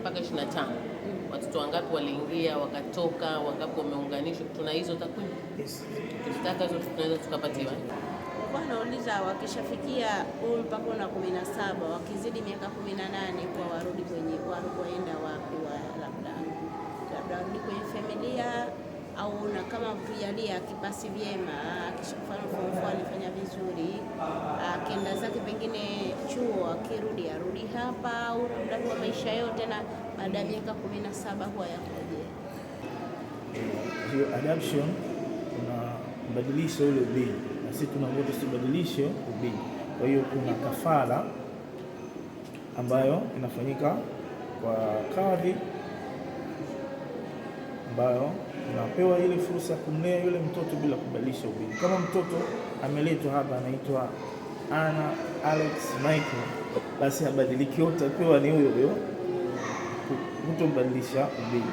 mpaka 25 watoto wangapi waliingia, wakatoka, wangapi wameunganishwa? Tuna hizo takwimu? Yes. Tukitaka hizo tunaweza tukapatiwa. Nauliza, wakishafikia umri mpaka na 17 wakizidi miaka 18, kwa warudi kwenye waenda wapi? wa labda labda warudi kwenye familia au na kama kujalia akipasi vyema, akishafanya form four alifanya vizuri, akenda zake pengine wakirudi arudi hapa au labda kwa maisha yote, na baada ya miaka kumi na saba huwa yakoje? Hiyo adoption unabadilisha ule ubini, na sisi tunaomba tusibadilishe ubini. Kwa hiyo kuna kafara ambayo inafanyika kwa kadhi, ambayo unapewa ile fursa ya kumlea yule mtoto bila kubadilisha ubini. Kama mtoto ameletwa hapa anaitwa Anna Alex Michael basi habadiliki, utapewa ni huyo huyo, hutombadilisha ubii.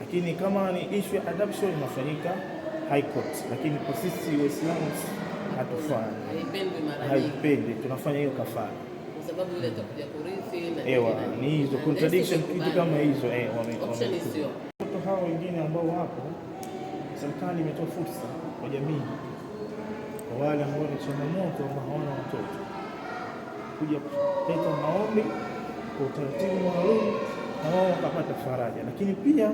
Lakini kama ni ishu ya adoption inafanyika high court, lakini kwa sisi Waislamu hatufanyi, haipendi tunafanya hiyo kafara ewa, ni hizo contradiction, kitu kama hizo watoto hao wengine ambao wapo, serikali imetoa fursa kwa jamii, kwa wale ambao ni changamoto ambao hawana watoto kuja kuleta maombi kwa utaratibu maalum na wao wakapata faraja, lakini pia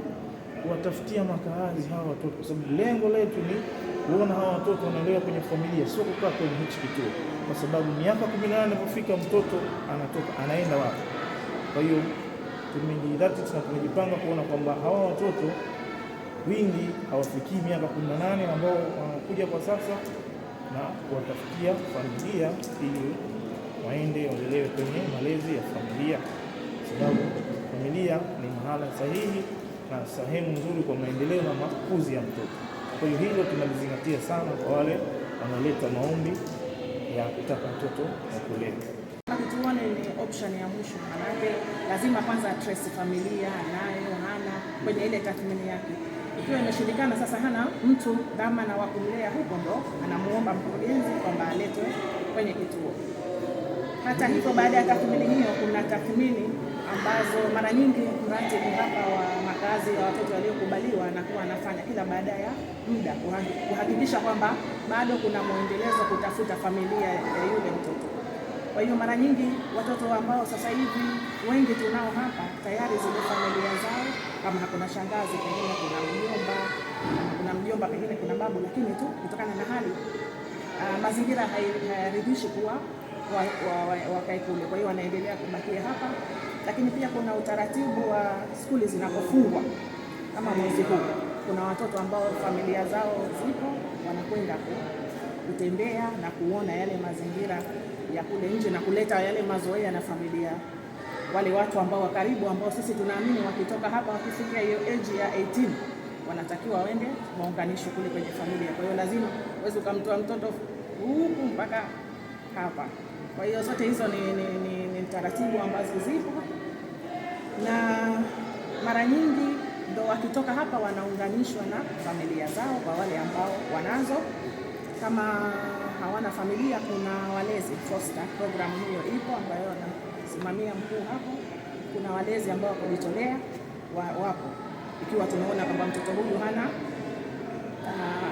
kuwatafutia makazi hawa watoto, kwa sababu lengo letu ni kuona hawa watoto wanaolewa kwenye familia, sio kukaa kwenye hichi kituo, kwa sababu miaka 18 inapofika mtoto anatoka anaenda wapi? Kwa hiyo tumejidhatiti na tumejipanga kuona kwamba hawa watoto wingi hawafikii miaka 18 ambao wanakuja kwa sasa na kuwatafutia familia ili waende waendelewe kwenye malezi ya familia, sababu familia ni mahala sahihi na sehemu nzuri kwa maendeleo na makuzi ya mtoto. Kwa hiyo hilo tunalizingatia sana kwa wale wanaoleta maombi ya kutaka mtoto wa kuleta tuone ni option ya mwisho, manake lazima kwanza trace familia anayo hana kwenye ile tathmini yake. Ikiwa imeshindikana, sasa hana mtu dhamana wa kumlea huko, ndo anamuomba mkurugenzi kwamba aletwe kwenye kituo. Hata hivyo, baada ya tathmini hiyo, kuna tathmini ambazo mara nyingi mratibu hapa wa makazi ya watoto waliokubaliwa anakuwa anafanya kila baada ya muda kuhakikisha kwamba bado kuna mwendelezo kutafuta familia ya yule mtoto. Kwa hiyo mara nyingi watoto ambao sasa hivi wengi tunao hapa tayari zile familia zao, kama hakuna shangazi, pengine kuna mjomba, kuna mjomba, pengine kuna babu, lakini tu kutokana na hali uh, mazingira hayaridhishi kuwa wakae kule. Kwa hiyo wanaendelea kubakia hapa, lakini pia kuna utaratibu wa skuli zinapofungwa kama mwezi huu, kuna watoto ambao familia zao zipo wanakwenda kutembea na kuona yale mazingira ya kule nje na kuleta yale mazoea na familia wale watu ambao wa karibu ambao sisi tunaamini wakitoka hapa wakifikia hiyo age ya 18 wanatakiwa waende waunganishwe kule kwenye familia. Kwa hiyo lazima uweze ukamtoa mtoto huku mpaka hapa. Kwa hiyo zote hizo ni, ni, ni, ni taratibu ambazo zipo, na mara nyingi ndo wakitoka hapa wanaunganishwa na familia zao, kwa wale ambao wanazo. Kama hawana familia, kuna walezi foster program, hiyo ipo ambayo wanasimamia mkuu hapo. Kuna walezi ambao wakujitolea wa, wapo ikiwa tunaona kwamba mtoto huyu hana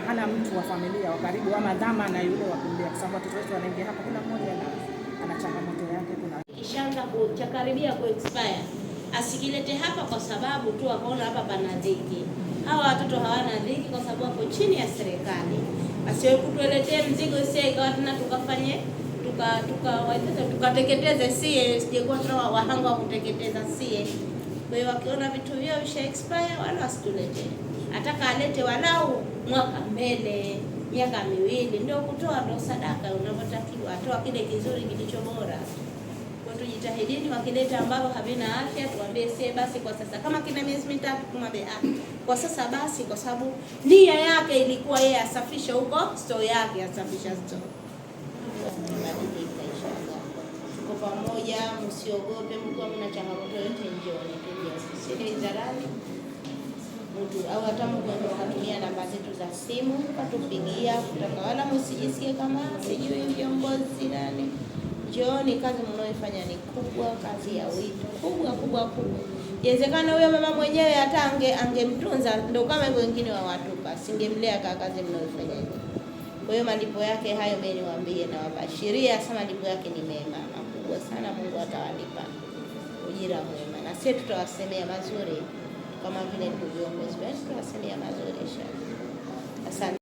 hana mtu wa familia wa karibu ama dhama na yule wa kumlea, kwa sababu watoto wetu wanaingia hapa kila mmoja na ana changamoto yake. Kuna kuchakaribia ku expire, asikilete hapa kwa sababu tu akaona hapa pana dhiki. Hawa watoto hawana dhiki kwa sababu wako chini ya serikali, basi wewe mzigo sisi, ikawa tena tukafanye tukawaeleza tukateketeze sie, sijekuwa tuna wahanga wa kuteketeza sie. Kwa hiyo wakiona vitu vyao visha expire, wala wasituletee, ataka alete walau mwaka mbele miaka miwili, ndio kutoa ndo sadaka unavyotakiwa. Toa kile kizuri kilicho bora. Kwa tujitahidini, wakileta ambalo havina afya tuambie sie basi kwa sasa, kama kina miezi mitatu kumwambia ah, kwa sasa basi, kwa sababu nia yake ilikuwa yeye asafishe huko store yake, asafisha store pamoja, msiogope. Mkiwa mna changamoto yote, njoo nipigie sisi, Ni zarani mtu au hata mgonjwa ukatumia namba zetu za simu ukatupigia kutaka, wala msijisikie kama sijui viongozi nani. Njooni, kazi mnaoifanya ni kubwa, kazi ya wito kubwa kubwa kubwa. Inawezekana huyo mama mwenyewe hata ange angemtunza ndio kama hivyo wengine wa watu basi singemlea kwa kazi mnaoifanya hiyo. Kwa hiyo malipo yake hayo, mimi niwaambie na wabashiria sana, malipo yake ni mema makubwa sana. Mungu atawalipa ujira mwema, na sisi tutawasemea mazuri. kama vile ndugu zangu Waislamu tunasema mazuri inshallah. Asante.